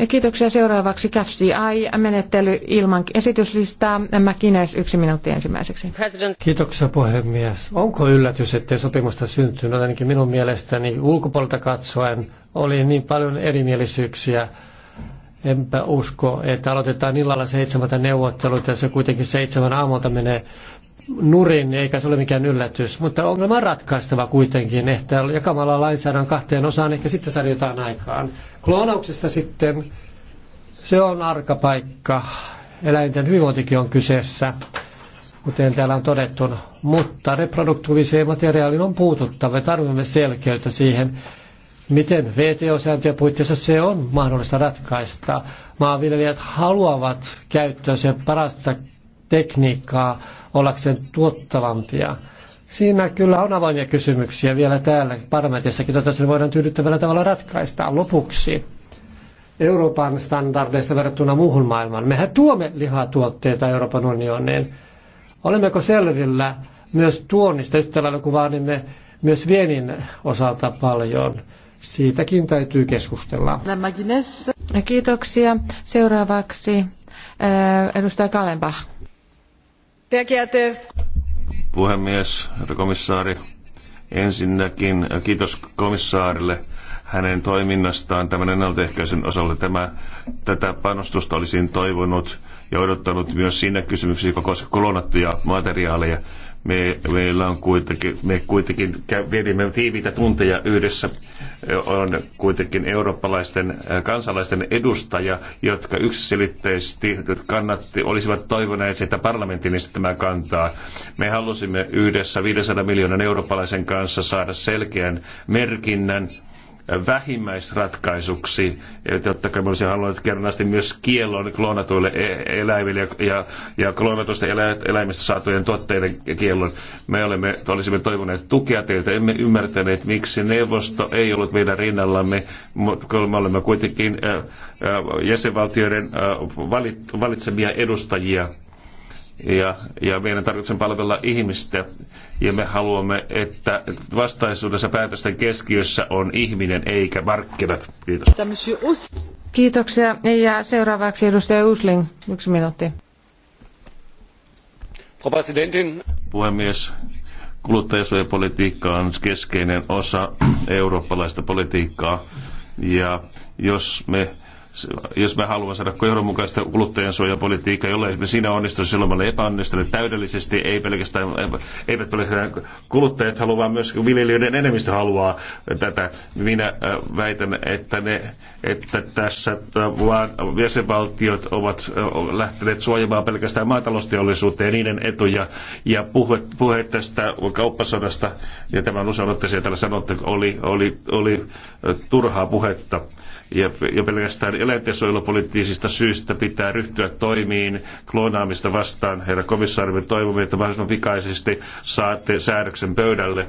[SPEAKER 1] Kiitoksia. Seuraavaksi Catch the Eye-menettely ilman esityslistaa. Mäkinäis yksi minuutti ensimmäiseksi.
[SPEAKER 2] President. Kiitoksia puhemies. Onko yllätys, ettei sopimusta syntynyt? Ainakin minun mielestäni ulkopuolelta katsoen oli niin paljon erimielisyyksiä. Enpä usko, että aloitetaan illalla seitsemältä neuvottelut ja se kuitenkin seitsemän aamulta menee nurin, eikä se ole mikään yllätys. Mutta ongelma on ratkaistava kuitenkin, että jakamalla lainsäädännön kahteen osaan ehkä sitten saada jotain aikaan. Kloonauksesta sitten, se on arka paikka. Eläinten hyvinvointikin on kyseessä, kuten täällä on todettu. Mutta reproduktiiviseen materiaaliin on puututtava. Me tarvitsemme selkeyttä siihen, miten VTO-sääntöjen puitteissa se on mahdollista ratkaista. Maanviljelijät haluavat käyttöön sen parasta tekniikkaa ollakseen tuottavampia. Siinä kyllä on avoimia kysymyksiä vielä täällä parlamentissakin, joita se voidaan tyydyttävällä tavalla ratkaista. Lopuksi Euroopan standardeista verrattuna muuhun maailmaan. Mehän tuomme lihatuotteita Euroopan unioniin. Olemmeko selvillä myös tuonnista yhtä lailla kuin vaadimme myös vienin osalta paljon? Siitäkin täytyy keskustella.
[SPEAKER 1] Kiitoksia. Seuraavaksi äh, edustaja Kalenbach.
[SPEAKER 3] Puhemies, herra komissaari, ensinnäkin kiitos komissaarille hänen toiminnastaan tämän ennaltaehkäisyn osalta Tämä, tätä panostusta olisin toivonut ja odottanut myös siinä kysymyksiä, joka koskee klonattuja materiaaleja. Me, meillä on kuitenkin, me kuitenkin viedimme tiiviitä tunteja yhdessä on kuitenkin eurooppalaisten äh, kansalaisten edustaja, jotka yksiselitteisesti kannatti, olisivat toivoneet, että parlamentin esittämää kantaa. Me halusimme yhdessä 500 miljoonan eurooppalaisen kanssa saada selkeän merkinnän vähimmäisratkaisuksi. jotta kai olisi halunnut kerrannasti myös kiellon kloonatuille e- eläimille ja, ja kloonatuista eläimistä saatujen tuotteiden kiellon. Me olemme, olisimme toivoneet tukea teiltä, emme ymmärtäneet, miksi neuvosto ei ollut meidän rinnallamme, kun me olemme kuitenkin jäsenvaltioiden valitsemia edustajia ja, ja meidän tarkoituksemme palvella ihmistä ja me haluamme, että vastaisuudessa päätösten keskiössä on ihminen eikä markkinat.
[SPEAKER 1] Kiitos. Kiitoksia. Ja seuraavaksi edustaja Usling. Yksi minuutti.
[SPEAKER 3] Frau Präsidentin. Puhemies, kuluttajasuojapolitiikka on keskeinen osa eurooppalaista politiikkaa. Ja jos me jos me haluamme saada johdonmukaista kuluttajansuojapolitiikkaa, jolla esimerkiksi siinä onnistu, silloin me olemme epäonnistuneet täydellisesti, ei pelkästään, eivät pelkästään kuluttajat halua, vaan myös viljelijöiden enemmistö haluaa tätä. Minä äh, väitän, että, ne, että tässä äh, vaan jäsenvaltiot ovat äh, lähteneet suojamaan pelkästään maatalousteollisuutta ja niiden etuja, ja puhe, puhe tästä kauppasodasta, ja tämän usein otteeseen täällä sanottu, oli, oli, oli turhaa puhetta ja, ja pelkästään eläintensuojelupoliittisista syistä pitää ryhtyä toimiin kloonaamista vastaan. Herra komissaari, me toivomme, että mahdollisimman pikaisesti saatte säädöksen pöydälle.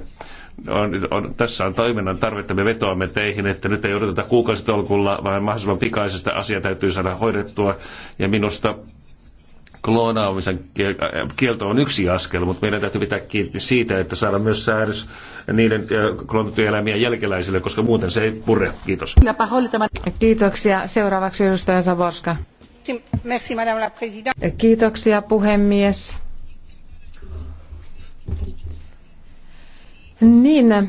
[SPEAKER 3] On, on, tässä on toiminnan tarvetta. Me vetoamme teihin, että nyt ei odoteta kuukausitolkulla, vaan mahdollisimman pikaisesti asia täytyy saada hoidettua. Ja minusta kloonaamisen äh, kielto on yksi askel, mutta meidän täytyy pitää kiinni siitä, että saada myös säädös niiden äh, kloonattujen eläimien jälkeläisille, koska muuten se ei pure. Kiitos.
[SPEAKER 1] Kiitoksia. Seuraavaksi edustaja Savorska. Kiitoksia puhemies. Niin, ähm,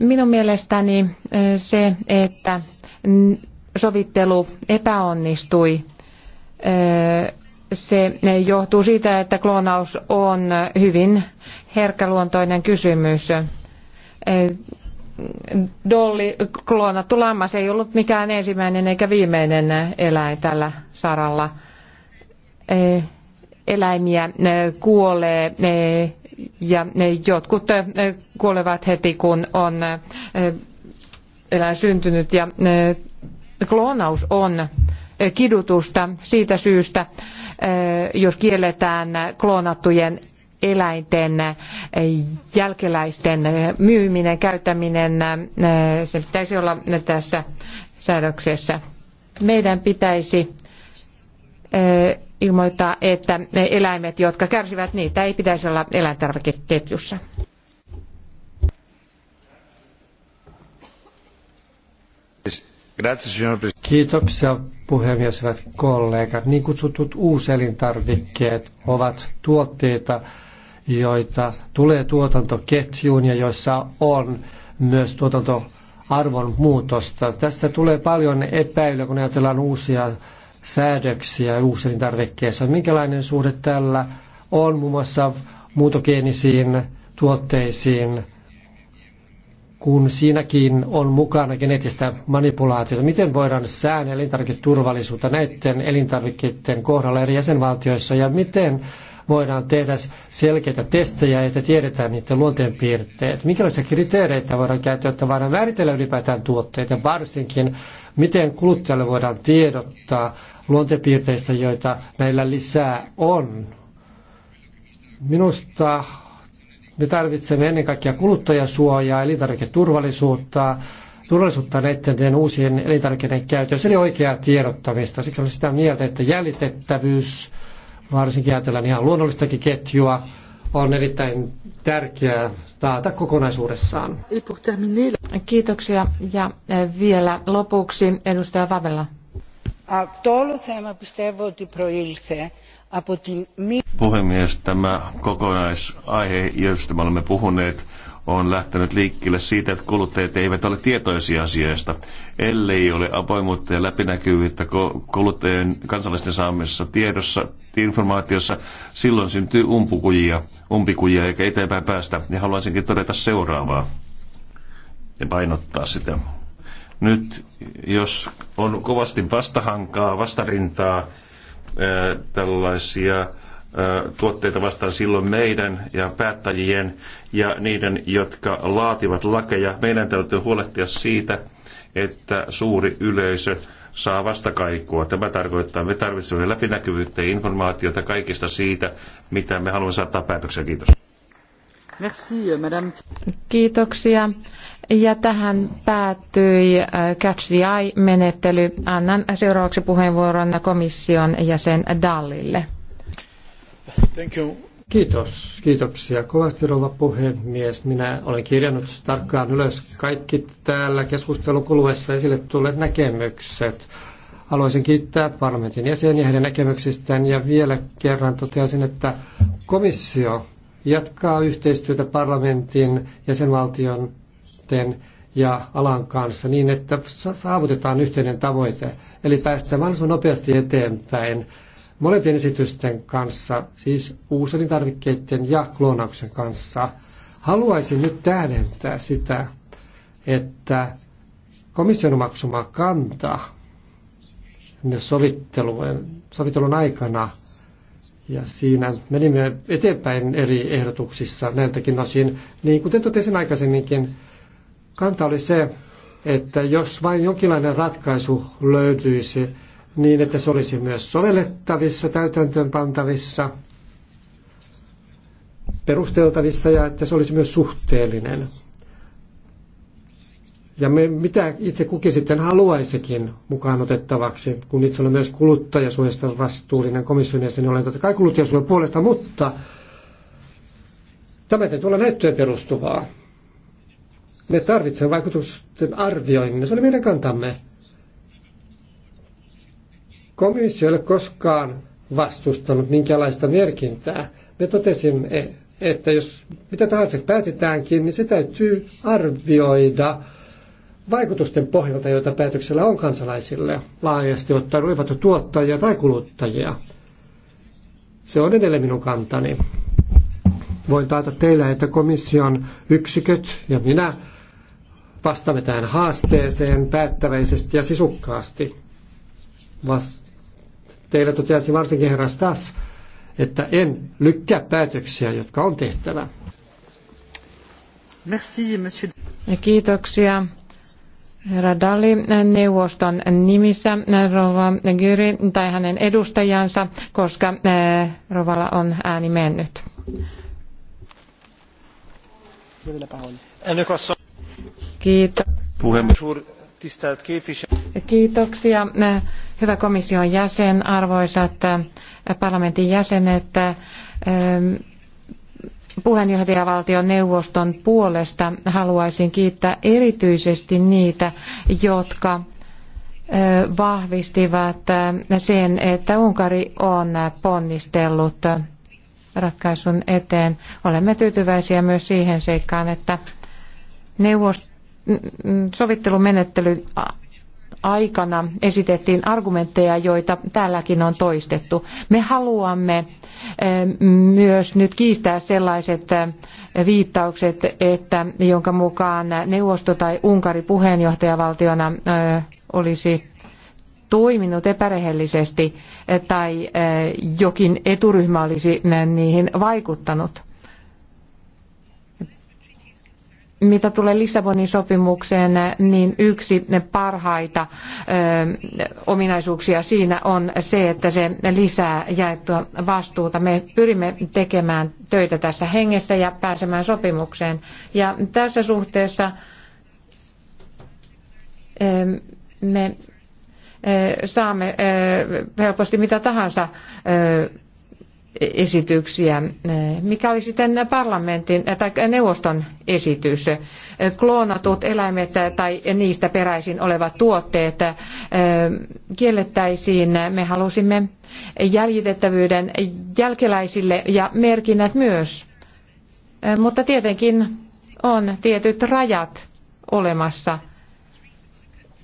[SPEAKER 1] minun mielestäni äh, se, että sovittelu epäonnistui se johtuu siitä, että kloonaus on hyvin herkkäluontoinen kysymys. Dolly, kloonattu lammas ei ollut mikään ensimmäinen eikä viimeinen eläin tällä saralla. Eläimiä kuolee ja jotkut kuolevat heti, kun on eläin syntynyt ja kloonaus on kidutusta siitä syystä, jos kielletään kloonattujen eläinten jälkeläisten myyminen, käyttäminen, se pitäisi olla tässä säädöksessä. Meidän pitäisi ilmoittaa, että eläimet, jotka kärsivät niitä, ei pitäisi olla eläintarvikeketjussa.
[SPEAKER 2] Kiitoksia puhemies, hyvät kollegat. Niin kutsutut uuselintarvikkeet ovat tuotteita, joita tulee tuotantoketjuun ja joissa on myös tuotantoarvon muutosta. Tästä tulee paljon epäilyä, kun ajatellaan uusia säädöksiä uuselintarvikkeissa. Minkälainen suhde tällä on muun muassa muutogeenisiin tuotteisiin, kun siinäkin on mukana geneettistä manipulaatiota. Miten voidaan säännellä elintarviketurvallisuutta näiden elintarvikkeiden kohdalla eri jäsenvaltioissa ja miten voidaan tehdä selkeitä testejä, että tiedetään niiden luonteenpiirteet. Minkälaisia kriteereitä voidaan käyttää, että voidaan määritellä ylipäätään tuotteita, varsinkin miten kuluttajalle voidaan tiedottaa luonteenpiirteistä, joita näillä lisää on. Minusta me tarvitsemme ennen kaikkea kuluttajasuojaa, elintarviketurvallisuutta, turvallisuutta näiden uusien elintarvikkeiden käytössä, eli oikeaa tiedottamista. Siksi olen sitä mieltä, että jäljitettävyys, varsinkin ajatellaan ihan luonnollistakin ketjua, on erittäin tärkeää taata kokonaisuudessaan.
[SPEAKER 1] Kiitoksia. Ja eh, vielä lopuksi edustaja Vavela.
[SPEAKER 4] Αυτό το θέμα
[SPEAKER 3] Puhemies, tämä kokonaisaihe, josta me olemme puhuneet, on lähtenyt liikkeelle siitä, että kuluttajat eivät ole tietoisia asioista, ellei ole avoimuutta ja läpinäkyvyyttä kuluttajien kansalaisten saamissa tiedossa, informaatiossa, silloin syntyy umpikujia, umpikujia eikä eteenpäin päästä. Ja haluaisinkin todeta seuraavaa ja painottaa sitä. Nyt, jos on kovasti vastahankaa, vastarintaa, Äh, tällaisia äh, tuotteita vastaan silloin meidän ja päättäjien ja niiden, jotka laativat lakeja. Meidän täytyy huolehtia siitä, että suuri yleisö saa vastakaikua. Tämä tarkoittaa, että me tarvitsemme läpinäkyvyyttä ja informaatiota kaikista siitä, mitä me haluamme saattaa päätökseen. Kiitos.
[SPEAKER 1] Merci, madame. Kiitoksia. Ja tähän päättyi äh, Catch the Eye-menettely. Annan seuraavaksi puheenvuoron komission jäsen Dallille.
[SPEAKER 2] Thank you. Kiitos. Kiitoksia kovasti rouva puhemies. Minä olen kirjannut tarkkaan ylös kaikki täällä keskustelun kuluessa esille tulleet näkemykset. Haluaisin kiittää parlamentin jäseniä heidän näkemyksistään ja vielä kerran toteaisin, että komissio jatkaa yhteistyötä parlamentin, jäsenvaltion sitten ja alan kanssa niin, että saavutetaan yhteinen tavoite. Eli päästään mahdollisimman nopeasti eteenpäin molempien esitysten kanssa, siis tarvikkeiden ja kloonauksen kanssa. Haluaisin nyt tähdentää sitä, että komission omaksuma kanta ne sovittelun, sovittelun aikana ja siinä menimme eteenpäin eri ehdotuksissa näiltäkin osin, niin kuten totesin aikaisemminkin, kanta oli se, että jos vain jonkinlainen ratkaisu löytyisi niin, että se olisi myös sovellettavissa, täytäntöönpantavissa, perusteltavissa ja että se olisi myös suhteellinen. Ja me, mitä itse kukin sitten haluaisikin mukaan otettavaksi, kun itse olen myös kuluttajasuojasta vastuullinen komission jäsen, olen totta kai kuluttajasuojan puolesta, mutta tämä täytyy olla näyttöön perustuvaa. Me tarvitsemme vaikutusten arvioinnin. Se oli meidän kantamme. Komissio ei ole koskaan vastustanut minkälaista merkintää. Me totesimme, että jos mitä tahansa päätetäänkin, niin se täytyy arvioida vaikutusten pohjalta, joita päätöksellä on kansalaisille laajasti ottaen, olivat tuottajia tai kuluttajia. Se on edelleen minun kantani. Voin taata teille, että komission yksiköt ja minä vastaamme tähän haasteeseen päättäväisesti ja sisukkaasti. Teille toteasi varsinkin herra Stas, että en lykkää päätöksiä, jotka on tehtävä. Merci, monsieur.
[SPEAKER 1] Kiitoksia. Herra Dali, neuvoston nimissä Rova Gyri tai hänen edustajansa, koska eh, Rovalla on ääni mennyt. Elnök Kiitos. Kiitoksia. Eh, hyvä komission jäsen, arvoisat eh, parlamentin jäsenet. Eh, puheenjohtajavaltion neuvoston puolesta haluaisin kiittää erityisesti niitä, jotka vahvistivat sen, että Unkari on ponnistellut ratkaisun eteen. Olemme tyytyväisiä myös siihen seikkaan, että neuvost- sovittelumenettely aikana esitettiin argumentteja, joita täälläkin on toistettu. Me haluamme eh, myös nyt kiistää sellaiset eh, viittaukset, että jonka mukaan neuvosto tai Unkari puheenjohtajavaltiona eh, olisi toiminut epärehellisesti tai jokin eturyhmä olisi niihin vaikuttanut. Mitä tulee Lissabonin sopimukseen, niin yksi parhaita ominaisuuksia siinä on se, että se lisää jaettua vastuuta. Me pyrimme tekemään töitä tässä hengessä ja pääsemään sopimukseen. Ja tässä suhteessa me saamme helposti mitä tahansa esityksiä. Mikä oli sitten parlamentin äh, tai neuvoston esitys? Kloonatut eläimet äh, tai niistä peräisin olevat tuotteet äh, kiellettäisiin. Me halusimme jäljitettävyyden jälkeläisille ja merkinnät myös. Mutta tietenkin on tietyt rajat olemassa.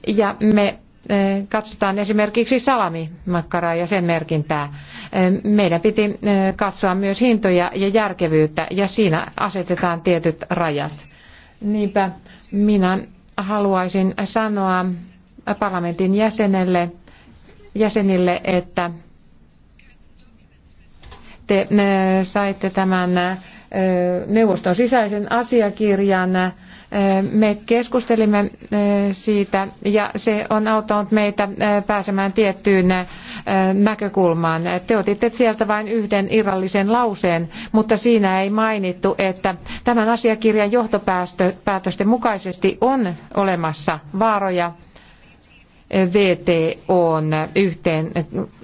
[SPEAKER 1] Ja me Eh, katsotaan esimerkiksi salamimakkaraa ja sen merkintää. Eh, meidän piti eh, katsoa myös hintoja ja järkevyyttä ja siinä asetetaan tietyt rajat. Niinpä minä haluaisin sanoa parlamentin jäsenelle, jäsenille, että te saitte tämän neuvoston sisäisen asiakirjan me keskustelimme e, siitä ja se on auttanut meitä e, pääsemään tiettyyn e, näkökulmaan. Te otitte sieltä vain yhden irrallisen lauseen, mutta siinä ei mainittu, että tämän asiakirjan johtopäätösten mukaisesti on olemassa vaaroja VTOn yhteen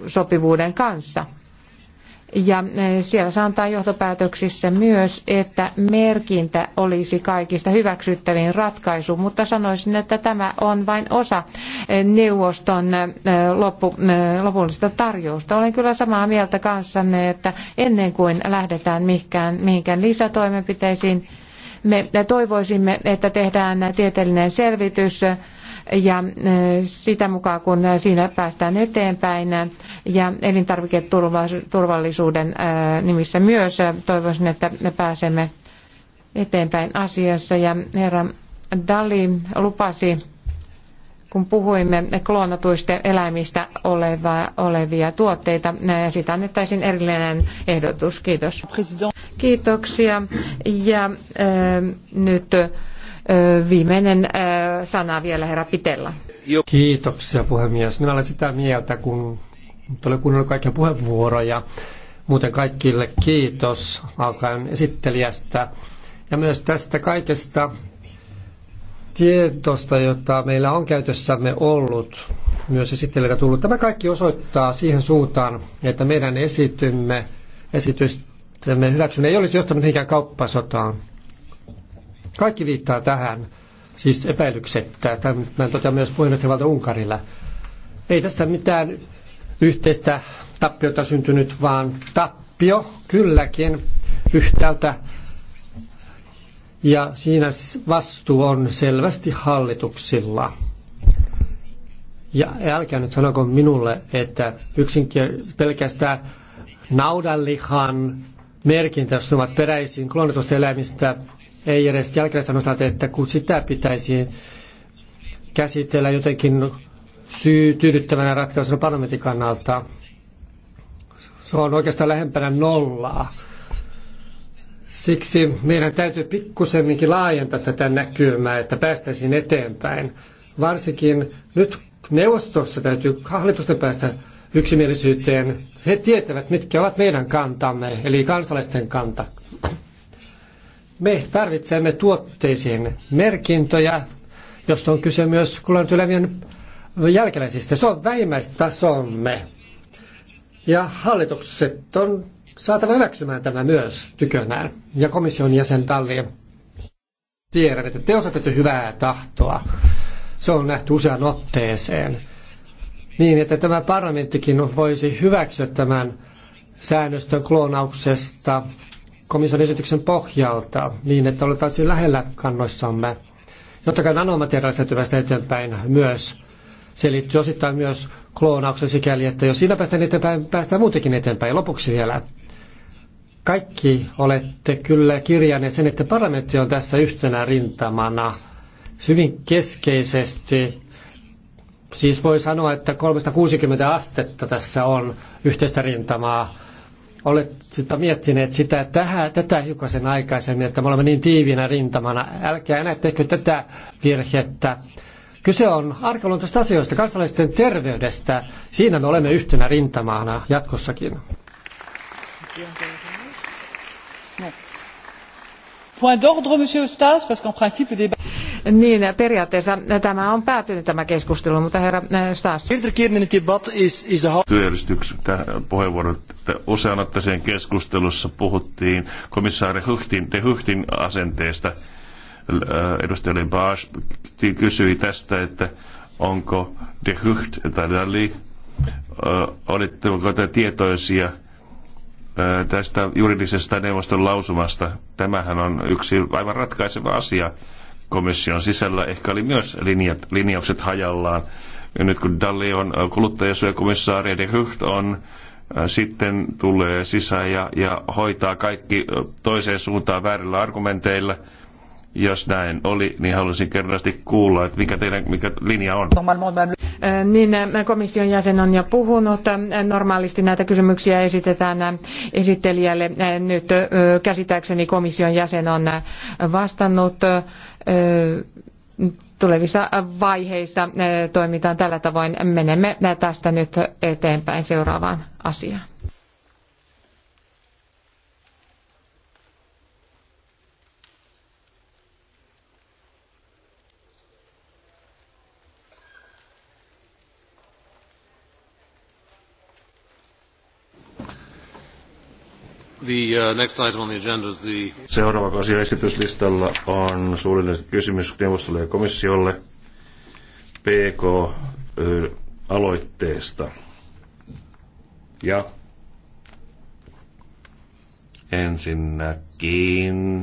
[SPEAKER 1] sopivuuden kanssa. Ja eh, siellä sanotaan johtopäätöksissä myös, että merkintä olisi kaikista hyväksyttävin ratkaisu, mutta sanoisin, että tämä on vain osa eh, neuvoston eh, loppu, lopullista tarjousta. Olen kyllä samaa mieltä kanssanne, että ennen kuin lähdetään mihinkään, mihinkään lisätoimenpiteisiin, me toivoisimme, että tehdään tieteellinen selvitys ja eh, sitä mukaan, kun siinä päästään eteenpäin ja elintarviketurvallisuuden eh, nimissä myös toivoisin, että me pääsemme eteenpäin asiassa. Ja herra Dali lupasi kun puhuimme kloonatuista eläimistä oleva, olevia tuotteita. Siitä annettaisiin erillinen ehdotus. Kiitos. Kiitoksia. Ja äh, nyt äh, viimeinen äh, sana vielä herra Pitella.
[SPEAKER 2] Kiitoksia puhemies. Minä olen sitä mieltä, kun olen kuunnellut kaikkia puheenvuoroja. Muuten kaikille kiitos alkaen esittelijästä ja myös tästä kaikesta Tietosta, jota meillä on käytössämme ollut, myös esittelijöitä tullut. Tämä kaikki osoittaa siihen suuntaan, että meidän esitymme, esitystämme hyväksyminen ei olisi johtanut mihinkään kauppasotaan. Kaikki viittaa tähän, siis epäilyksettä. Tämän totean myös puheenjohtajavalta Unkarilla. Ei tässä mitään yhteistä tappiota syntynyt, vaan tappio kylläkin yhtäältä ja siinä vastuu on selvästi hallituksilla. Ja älkää nyt sanoko minulle, että yksinkin pelkästään naudanlihan merkintä, jos ne ovat peräisin klonitusta eläimistä, ei edes jälkeen sanota, että kun sitä pitäisi käsitellä jotenkin syy tyydyttävänä ratkaisuna parlamentin kannalta, se on oikeastaan lähempänä nollaa. Siksi meidän täytyy pikkusemminkin laajentaa tätä näkymää, että päästäisiin eteenpäin. Varsinkin nyt neuvostossa täytyy hallitusten päästä yksimielisyyteen. He tietävät, mitkä ovat meidän kantamme, eli kansalaisten kanta. Me tarvitsemme tuotteisiin merkintöjä, jos on kyse myös kullantylämien jälkeläisistä. Se on vähimmäistasomme. Ja hallitukset on saatava hyväksymään tämä myös tykönään. Ja komission jäsen Talli, tiedän, että te osoitatte hyvää tahtoa. Se on nähty usean otteeseen. Niin, että tämä parlamenttikin voisi hyväksyä tämän säännöstön kloonauksesta komission esityksen pohjalta, niin että oltaisiin lähellä kannoissamme. Jotta kai nanomateriaalista eteenpäin myös. Se liittyy osittain myös kloonauksen sikäli, että jos siinä päästään eteenpäin, päästään muutenkin eteenpäin. lopuksi vielä kaikki olette kyllä kirjanneet sen, että parlamentti on tässä yhtenä rintamana hyvin keskeisesti. Siis voi sanoa, että 360 astetta tässä on yhteistä rintamaa. Olette miettineet sitä tähän, tätä hiukan aikaisemmin, että me olemme niin tiivinä rintamana. Älkää enää tehkö tätä virhettä. Kyse on arkaluontoista asioista, kansalaisten terveydestä. Siinä me olemme yhtenä rintamana jatkossakin. Kiitos. Point d'ordre, monsieur parce qu'en principe le débat...
[SPEAKER 1] Niin, periaatteessa tämä on päätynyt tämä keskustelu, mutta herra Stas.
[SPEAKER 3] Työjärjestyksestä puheenvuoron, että usean otteeseen keskustelussa puhuttiin komissaari Huhtin, de Huhtin asenteesta. Äh, edustaja Limbaas kysyi tästä, että onko de Hucht tai Dali, olitteko te tietoisia – tästä juridisesta neuvoston lausumasta. Tämähän on yksi aivan ratkaiseva asia komission sisällä. Ehkä oli myös linjat, linjaukset hajallaan. Ja nyt kun Dalli on kuluttajasuojakomissaari ja de Hucht on sitten tulee sisään ja, ja hoitaa kaikki toiseen suuntaan väärillä argumenteilla – jos näin oli, niin haluaisin kerrasti kuulla, että mikä teidän mikä linja on.
[SPEAKER 1] Niin komission jäsen on jo puhunut. Normaalisti näitä kysymyksiä esitetään esittelijälle. Nyt käsittääkseni komission jäsen on vastannut tulevissa vaiheissa toimitaan tällä tavoin. Menemme tästä nyt eteenpäin seuraavaan asiaan. The, uh, next item on the agenda is the...
[SPEAKER 3] Seuraava asia esityslistalla on suullinen kysymys neuvostolle ja komissiolle PK-aloitteesta. Ja ensinnäkin